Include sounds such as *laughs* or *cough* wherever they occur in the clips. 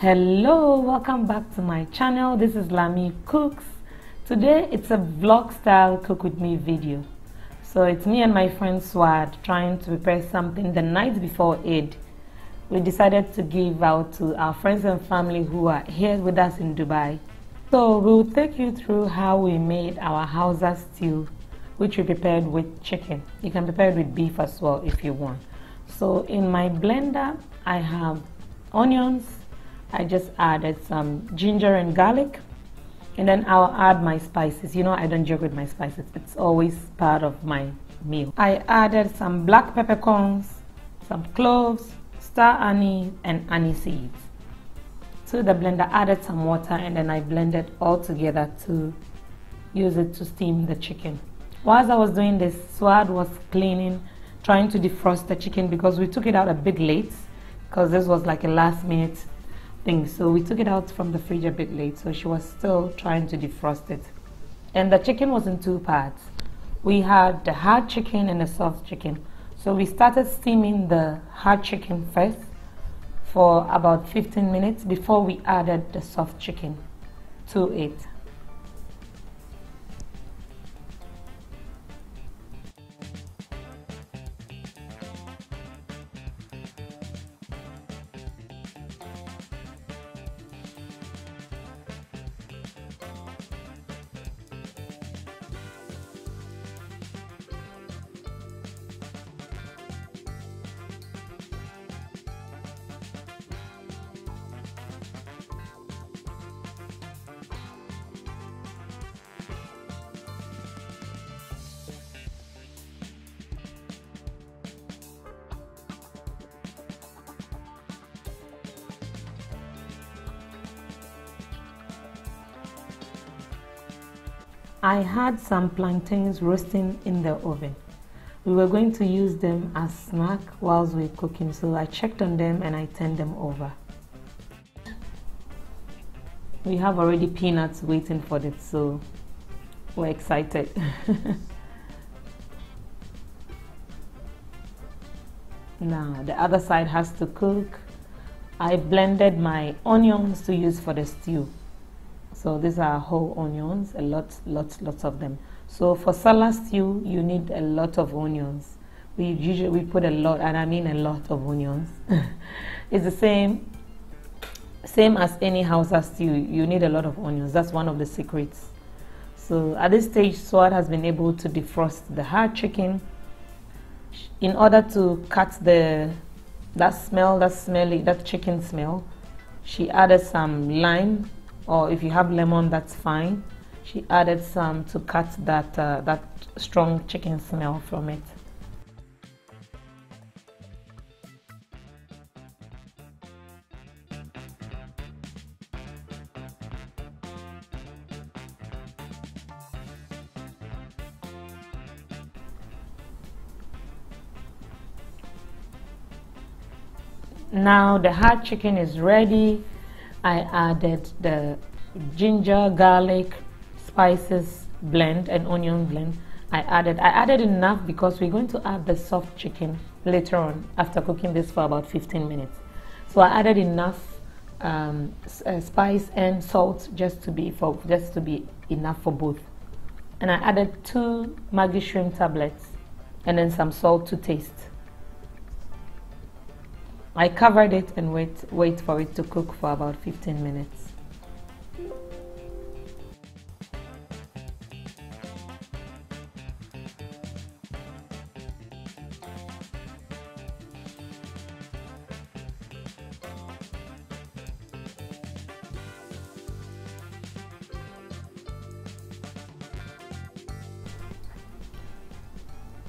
hello welcome back to my channel this is Lami Cooks today it's a vlog style cook with me video so it's me and my friend Swad trying to prepare something the night before Eid we decided to give out to our friends and family who are here with us in Dubai so we'll take you through how we made our Hausa stew which we prepared with chicken you can prepare it with beef as well if you want so in my blender I have onions I just added some ginger and garlic and then I'll add my spices. You know I don't joke with my spices. It's always part of my meal. I added some black peppercorns, some cloves, star anise and anise seeds. To the blender added some water and then I blended all together to use it to steam the chicken. Whilst I was doing this, Swad was cleaning, trying to defrost the chicken because we took it out a bit late because this was like a last minute so we took it out from the fridge a bit late, so she was still trying to defrost it. And the chicken was in two parts. We had the hard chicken and the soft chicken. So we started steaming the hard chicken first for about 15 minutes before we added the soft chicken to it. I had some plantains roasting in the oven. We were going to use them as snack whilst we were cooking, so I checked on them and I turned them over. We have already peanuts waiting for it, so we're excited. *laughs* now the other side has to cook. I blended my onions to use for the stew. So these are whole onions, a lot, lots, lots of them. So for salad stew, you need a lot of onions. We usually we put a lot, and I mean a lot of onions. *laughs* it's the same, same as any house stew. You need a lot of onions. That's one of the secrets. So at this stage, Swad has been able to defrost the hard chicken in order to cut the that smell, that smelly, that chicken smell. She added some lime or if you have lemon, that's fine. She added some to cut that, uh, that strong chicken smell from it. Now the hard chicken is ready I added the ginger, garlic, spices blend and onion blend. I added, I added enough because we're going to add the soft chicken later on after cooking this for about 15 minutes. So I added enough um, uh, spice and salt just to be for just to be enough for both. And I added two Maggi shrimp tablets and then some salt to taste. I covered it and wait, wait for it to cook for about 15 minutes.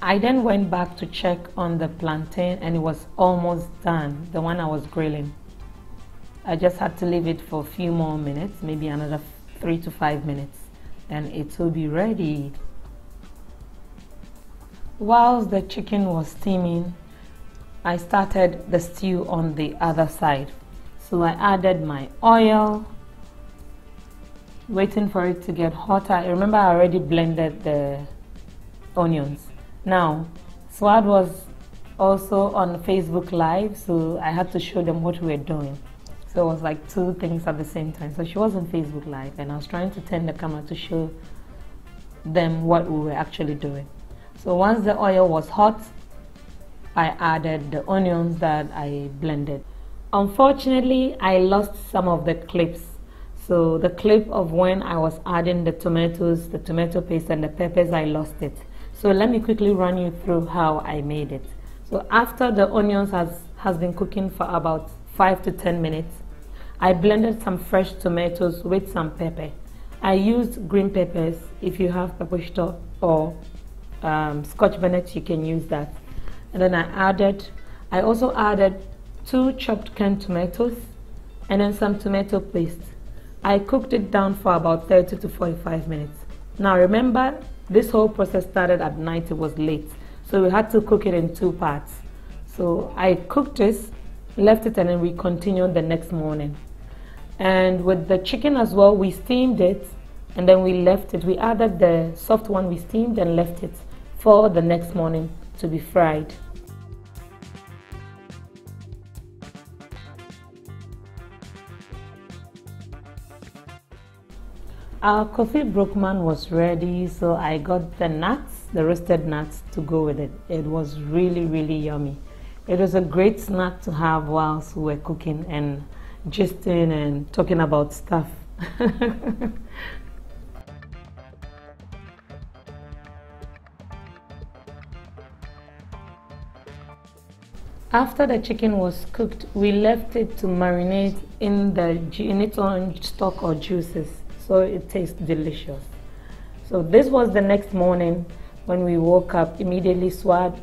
I then went back to check on the plantain and it was almost done, the one I was grilling. I just had to leave it for a few more minutes, maybe another three to five minutes, and it will be ready. Whilst the chicken was steaming, I started the stew on the other side. So I added my oil, waiting for it to get hotter. Remember I already blended the onions. Now, Swad was also on Facebook Live, so I had to show them what we were doing. So it was like two things at the same time. So she was on Facebook Live, and I was trying to turn the camera to show them what we were actually doing. So once the oil was hot, I added the onions that I blended. Unfortunately, I lost some of the clips. So the clip of when I was adding the tomatoes, the tomato paste and the peppers, I lost it. So let me quickly run you through how I made it. So after the onions has, has been cooking for about 5 to 10 minutes, I blended some fresh tomatoes with some pepper. I used green peppers. If you have paprika or um, scotch bonnet, you can use that. And then I added, I also added two chopped canned tomatoes and then some tomato paste. I cooked it down for about 30 to 45 minutes. Now remember, this whole process started at night, it was late. So we had to cook it in two parts. So I cooked this, left it, and then we continued the next morning. And with the chicken as well, we steamed it and then we left it. We added the soft one, we steamed and left it for the next morning to be fried. Our coffee Brookman was ready, so I got the nuts, the roasted nuts, to go with it. It was really, really yummy. It was a great snack to have whilst we were cooking and gisting and talking about stuff. *laughs* After the chicken was cooked, we left it to marinate in, the, in its own stock or juices so it tastes delicious. So this was the next morning when we woke up, immediately swab,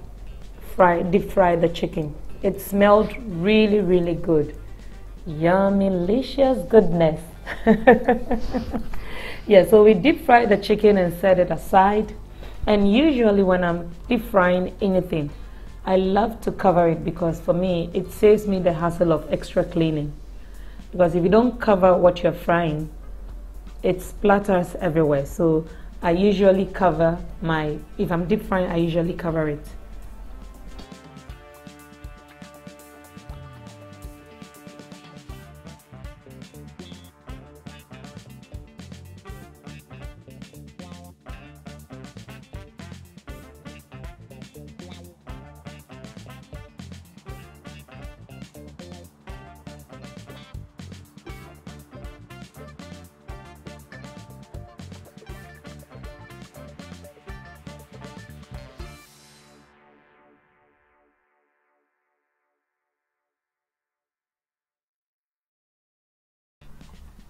fry, deep fry the chicken. It smelled really, really good. Yummy, delicious goodness. *laughs* yeah, so we deep fried the chicken and set it aside. And usually when I'm deep frying anything, I love to cover it because for me, it saves me the hassle of extra cleaning. Because if you don't cover what you're frying, it splatters everywhere. So I usually cover my, if I'm deep frying, I usually cover it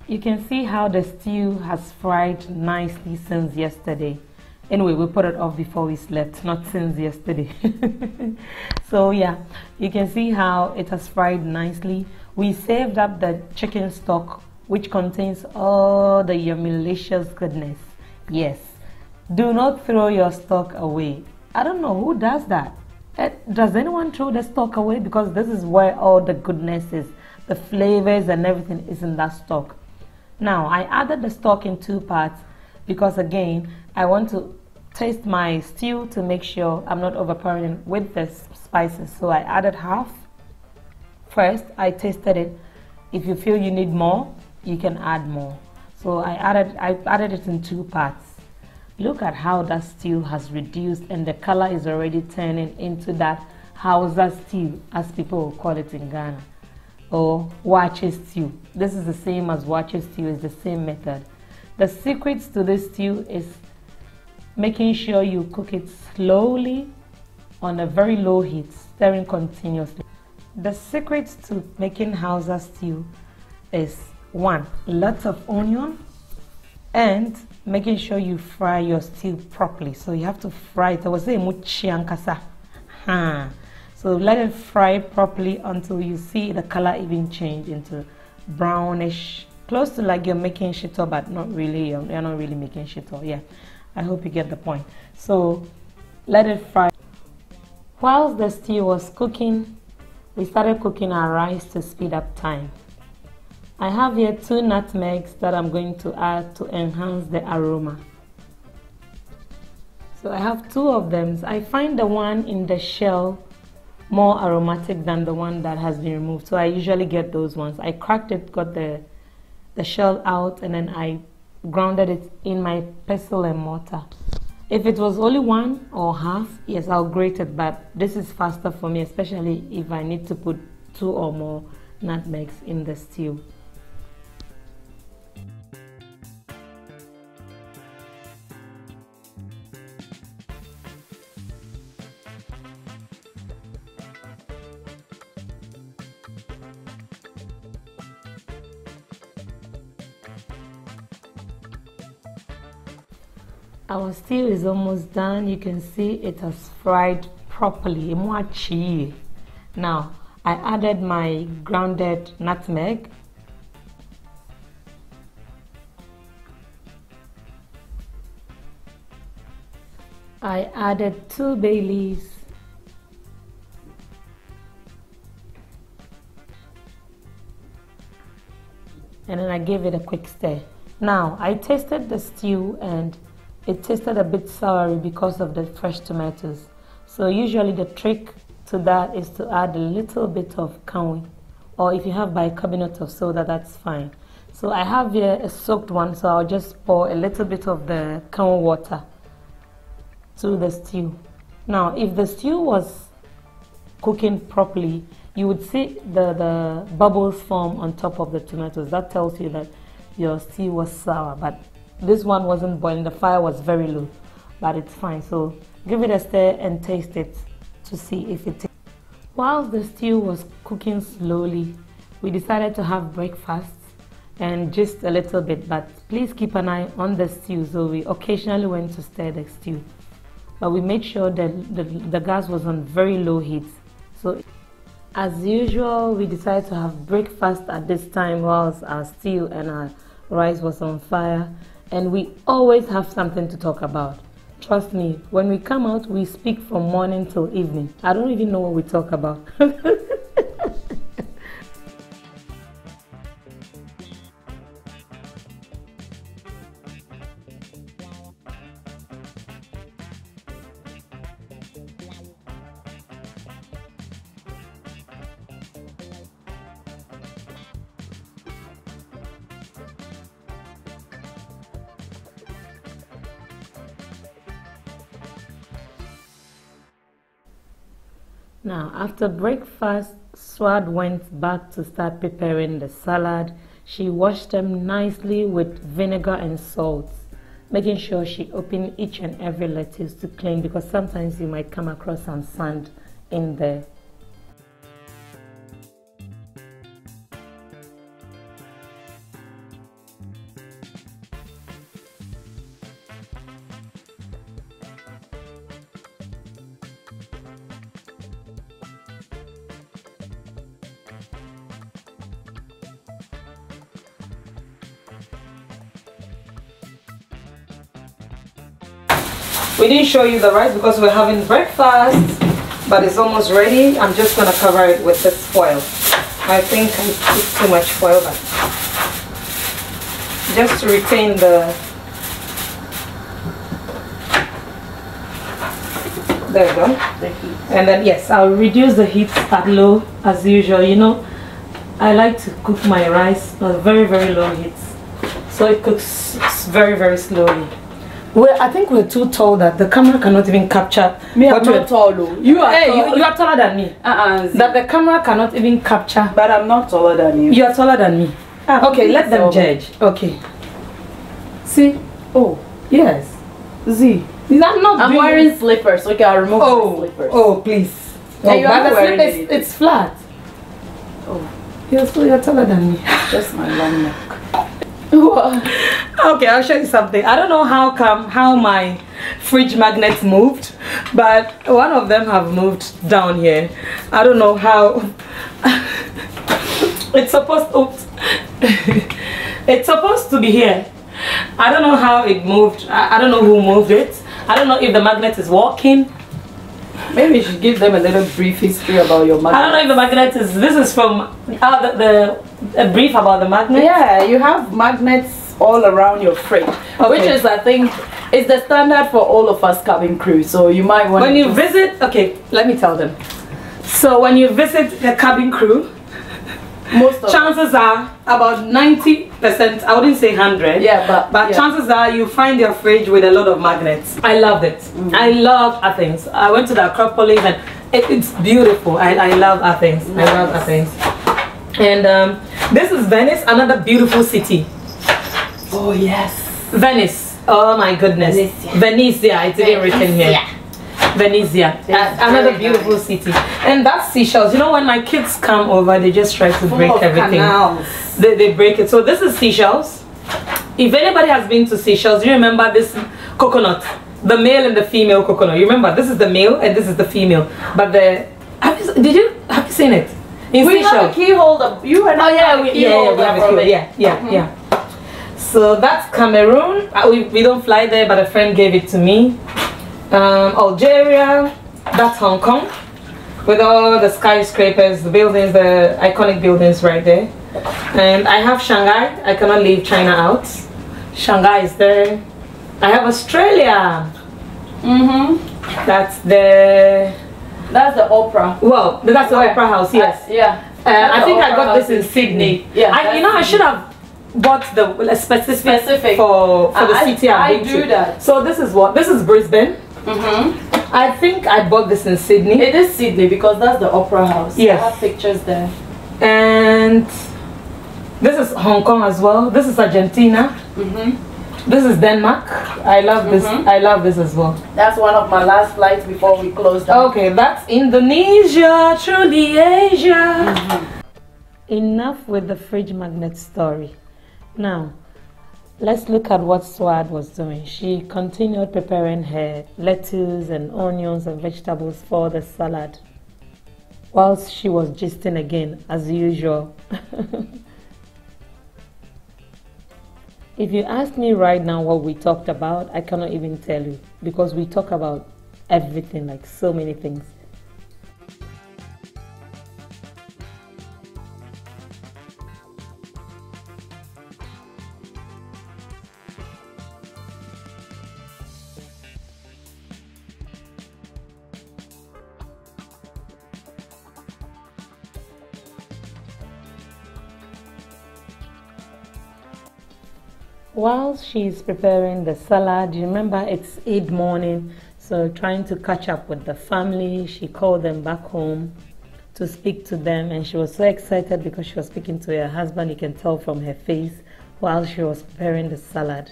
You can see how the stew has fried nicely since yesterday. Anyway, we put it off before we slept, not since yesterday. *laughs* so yeah, you can see how it has fried nicely. We saved up the chicken stock, which contains all the yumilicious goodness. Yes, do not throw your stock away. I don't know who does that. Eh, does anyone throw the stock away? Because this is where all the goodness is. The flavors and everything is in that stock. Now I added the stock in two parts because again I want to taste my stew to make sure I'm not overpowering with the spices. So I added half. First I tasted it. If you feel you need more, you can add more. So I added, I added it in two parts. Look at how that stew has reduced and the color is already turning into that Hausa stew as people call it in Ghana or watches stew. This is the same as watches stew, it's the same method. The secret to this stew is making sure you cook it slowly on a very low heat, stirring continuously. The secret to making Hausa stew is one, lots of onion and making sure you fry your stew properly. So you have to fry it. I was saying, so let it fry properly until you see the color even change into brownish, close to like you're making shito, but not really, you're not really making shito, yeah. I hope you get the point. So let it fry. Whilst the stew was cooking, we started cooking our rice to speed up time. I have here two nutmegs that I'm going to add to enhance the aroma. So I have two of them. I find the one in the shell more aromatic than the one that has been removed. So I usually get those ones. I cracked it, got the the shell out, and then I grounded it in my pestle and mortar. If it was only one or half, yes, I'll grate it, but this is faster for me, especially if I need to put two or more nutmegs in the stew. our stew is almost done. You can see it has fried properly. Now, I added my grounded nutmeg. I added two bay leaves. And then I gave it a quick stir. Now, I tasted the stew and it tasted a bit sour because of the fresh tomatoes. So usually the trick to that is to add a little bit of canwy or if you have bicarbonate of soda, that's fine. So I have here a soaked one, so I'll just pour a little bit of the canwy water to the stew. Now, if the stew was cooking properly, you would see the, the bubbles form on top of the tomatoes. That tells you that your stew was sour, but this one wasn't boiling the fire was very low but it's fine so give it a stir and taste it to see if it while the stew was cooking slowly we decided to have breakfast and just a little bit but please keep an eye on the stew so we occasionally went to stir the stew but we made sure that the, the gas was on very low heat so as usual we decided to have breakfast at this time whilst our stew and our rice was on fire and we always have something to talk about. Trust me, when we come out, we speak from morning till evening. I don't even know what we talk about. *laughs* Now, after breakfast, Swad went back to start preparing the salad. She washed them nicely with vinegar and salt, making sure she opened each and every lettuce to clean because sometimes you might come across some sand in there. we didn't show you the rice because we're having breakfast, but it's almost ready. I'm just gonna cover it with this foil. I think it's too much foil, but just to retain the There we go. The and then yes, I'll reduce the heat at low as usual. You know, I like to cook my rice on very very low heat, so it cooks very very slowly. Well, I think we're too tall that the camera cannot even capture. Me, I'm not tall. Though. You are. Hey, tall. You, you are taller than me. Uh uh. That the camera cannot even capture. But I'm not taller than you. You are taller than me. Ah, okay, let them judge. Okay. See. Oh. Yes. Z. Is that not? I'm wearing slippers. Okay, I'll remove oh, the slippers. Oh, please. Oh, yeah, but the slippers, it's flat. Oh. You're, still you're taller than me. Just my long neck. What? *laughs* Okay, I'll show you something. I don't know how come how my fridge magnets moved, but one of them have moved down here. I don't know how. *laughs* it's supposed. Oops. *laughs* it's supposed to be here. I don't know how it moved. I, I don't know who moved it. I don't know if the magnet is working Maybe you should give them a little brief history about your magnet. I don't know if the magnet is. This is from uh, the, the a brief about the magnet. Yeah, you have magnets all around your fridge, okay. which is I think is the standard for all of us cabin crew. So you might want when you visit. Okay, let me tell them. So when you visit the cabin crew, most chances are about 90% i wouldn't say 100 yeah but but yeah. chances are you find your fridge with a lot of magnets i love it mm. i love athens i went to the acropolis and it, it's beautiful i, I love athens nice. i love athens and um, this is venice another beautiful city oh yes venice oh my goodness venice, venice yeah it's even written here Venezia, uh, another beautiful nice. city. And that's seashells. You know, when my kids come over, they just try to Full break everything. Canals. They, they break it. So this is seashells. If anybody has been to seashells, you remember this coconut, the male and the female coconut. You remember this is the male and this is the female. But the have you, did you have you seen it? In we seashell. have a key holder. You and oh yeah, we, yeah, yeah, we have a Yeah, yeah, mm -hmm. yeah. So that's Cameroon. Uh, we, we don't fly there, but a friend gave it to me um, Algeria, that's Hong Kong, with all the skyscrapers, the buildings, the iconic buildings right there. And I have Shanghai, I cannot leave China out. Shanghai is there. I have Australia. Mm-hmm. That's the... That's the opera. Well, that's the, opera house, uh, yes. I, yeah. Uh, I think I got this in Sydney. Sydney. Yeah. I, you know, I should have bought the specific, specific. for for uh, the city I, I do to. that. So this is what this is Brisbane. Mm-hmm. I think I bought this in Sydney. It is Sydney because that's the Opera House. Yes. I have pictures there. And this is Hong Kong as well. This is Argentina. Mm-hmm. This is Denmark. I love mm -hmm. this. Mm-hmm. I love this as well. That's one of my last flights before we closed. Down. Okay, that's Indonesia, truly Asia. Mm -hmm. Enough with the fridge magnet story. Now, Let's look at what Swad was doing. She continued preparing her lettuce and onions and vegetables for the salad whilst she was gisting again, as usual. *laughs* if you ask me right now what we talked about, I cannot even tell you because we talk about everything, like so many things. while she's preparing the salad, you remember it's Eid morning, so trying to catch up with the family, she called them back home to speak to them, and she was so excited because she was speaking to her husband. You can tell from her face while she was preparing the salad.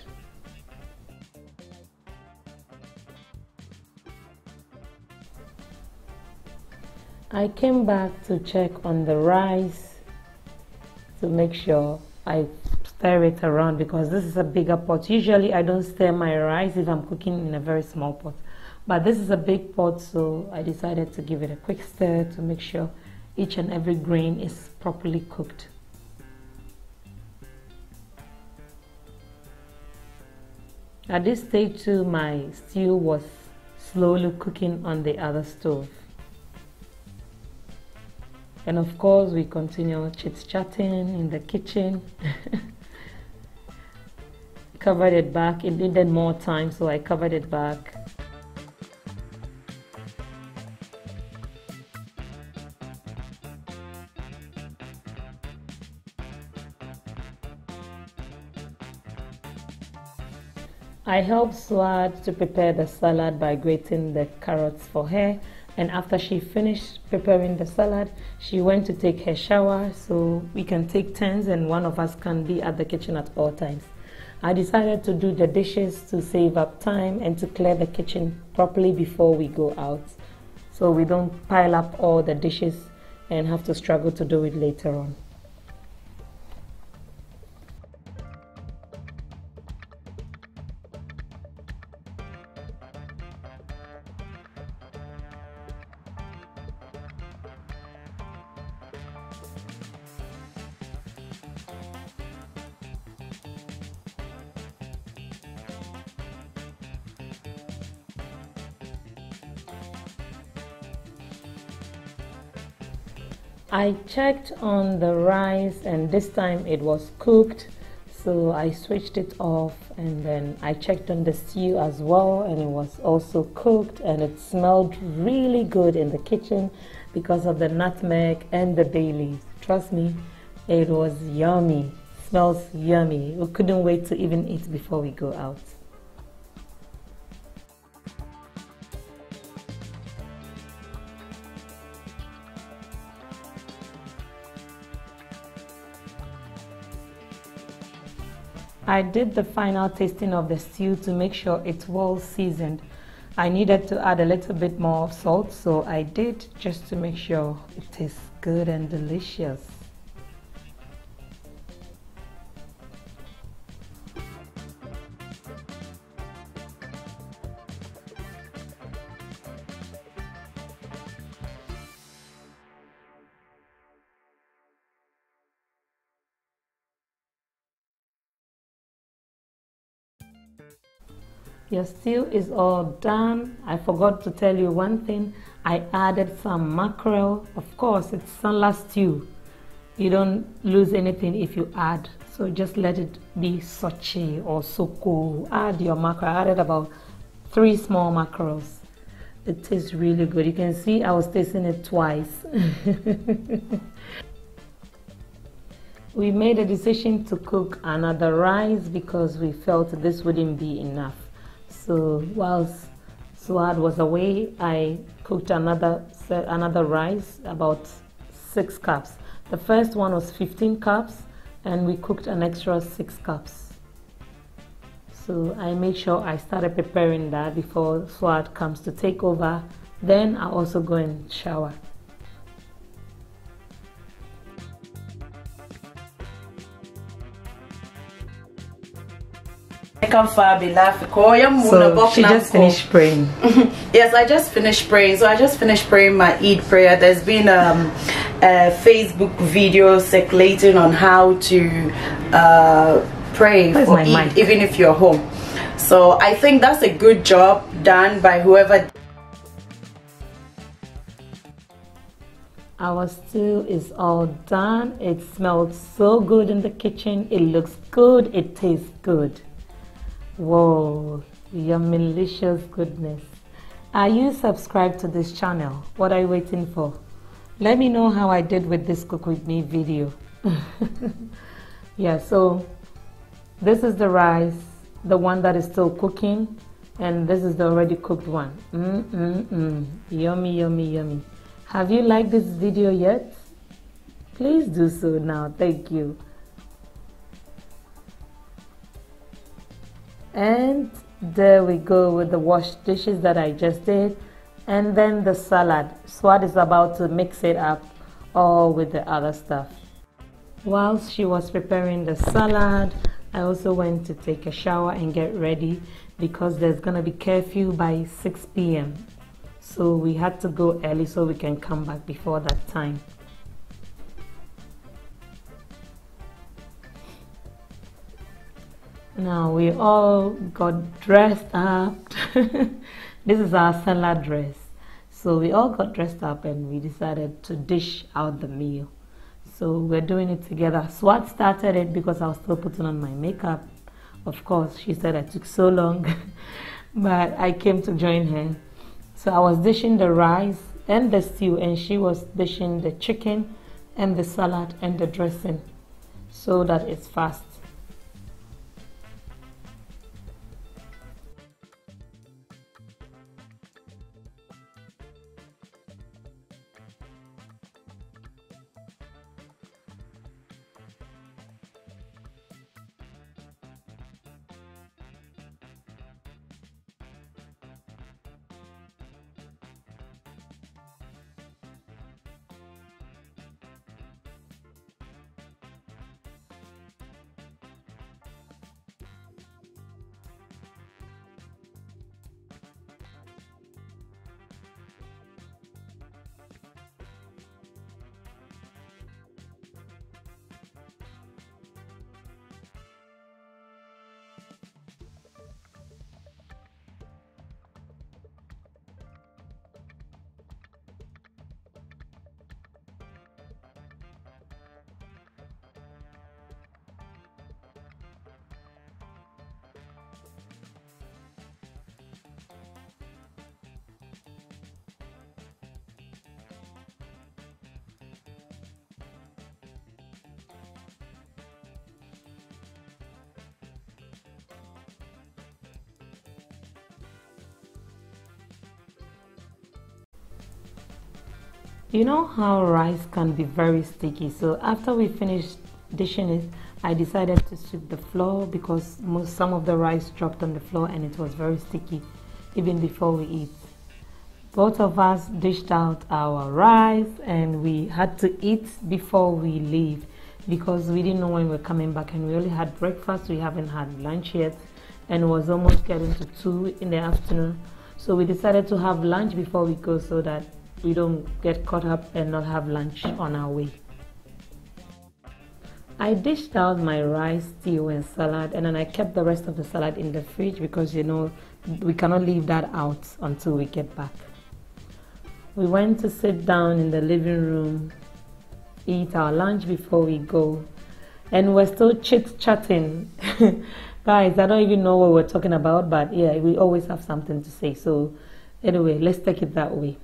I came back to check on the rice to make sure I stir it around because this is a bigger pot usually I don't stir my rice if I'm cooking in a very small pot but this is a big pot so I decided to give it a quick stir to make sure each and every grain is properly cooked At this stage too, my stew was slowly cooking on the other stove. And of course, we continue chit-chatting in the kitchen. *laughs* covered it back. It needed more time, so I covered it back. I helped Swad to prepare the salad by grating the carrots for her and after she finished preparing the salad, she went to take her shower so we can take turns and one of us can be at the kitchen at all times. I decided to do the dishes to save up time and to clear the kitchen properly before we go out so we don't pile up all the dishes and have to struggle to do it later on. I checked on the rice and this time it was cooked so I switched it off and then I checked on the stew as well and it was also cooked and it smelled really good in the kitchen because of the nutmeg and the bay leaves. Trust me, it was yummy. Smells yummy. We couldn't wait to even eat before we go out. I did the final tasting of the stew to make sure it's well seasoned. I needed to add a little bit more salt, so I did just to make sure it tastes good and delicious. Your stew is all done. I forgot to tell you one thing. I added some mackerel. Of course, it's sunless stew. You don't lose anything if you add. So just let it be sochi or soko. Add your mackerel. I added about three small mackerels. It tastes really good. You can see I was tasting it twice. *laughs* we made a decision to cook another rice because we felt this wouldn't be enough. So whilst Suad was away, I cooked another another rice, about six cups. The first one was 15 cups, and we cooked an extra six cups. So I made sure I started preparing that before Suad comes to take over. Then I also go and shower. So she just finished praying. *laughs* yes, I just finished praying. So I just finished praying my Eid prayer. There's been um, a Facebook video circulating on how to uh, pray Eid, even if you're home. So I think that's a good job done by whoever. Our stew is all done. It smells so good in the kitchen. It looks good. It tastes good. Whoa, your malicious goodness. Are you subscribed to this channel? What are you waiting for? Let me know how I did with this cook with me video. *laughs* yeah, so this is the rice, the one that is still cooking, and this is the already cooked one. Mm -mm -mm. Yummy, yummy, yummy. Have you liked this video yet? Please do so now. Thank you. and there we go with the washed dishes that I just did and then the salad Swat is about to mix it up all with the other stuff whilst she was preparing the salad I also went to take a shower and get ready because there's gonna be curfew by 6 p.m. so we had to go early so we can come back before that time Now we all got dressed up. *laughs* this is our salad dress. So we all got dressed up and we decided to dish out the meal. So we're doing it together. Swat started it because I was still putting on my makeup. Of course, she said I took so long, *laughs* but I came to join her. So I was dishing the rice and the stew, and she was dishing the chicken and the salad and the dressing so that it's fast. You know how rice can be very sticky, so after we finished dishing it, I decided to sweep the floor because most, some of the rice dropped on the floor and it was very sticky even before we eat. Both of us dished out our rice and we had to eat before we leave because we didn't know when we are coming back and we only had breakfast, we haven't had lunch yet and it was almost getting to 2 in the afternoon. So we decided to have lunch before we go so that we don't get caught up and not have lunch on our way. I dished out my rice, stew, and salad, and then I kept the rest of the salad in the fridge because you know we cannot leave that out until we get back. We went to sit down in the living room, eat our lunch before we go, and we're still chit chatting. *laughs* Guys, I don't even know what we're talking about, but yeah, we always have something to say. So, anyway, let's take it that way.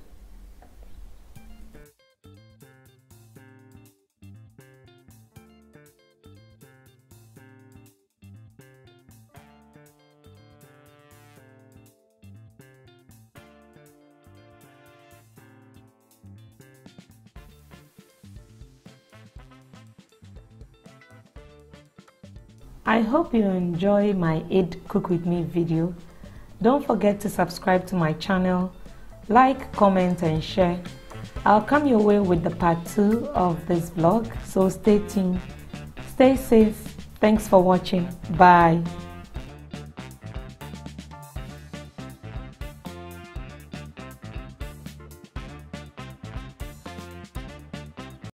hope you enjoy my Eid Cook With Me video. Don't forget to subscribe to my channel, like, comment and share. I'll come your way with the part 2 of this vlog, so stay tuned. Stay safe. Thanks for watching. Bye.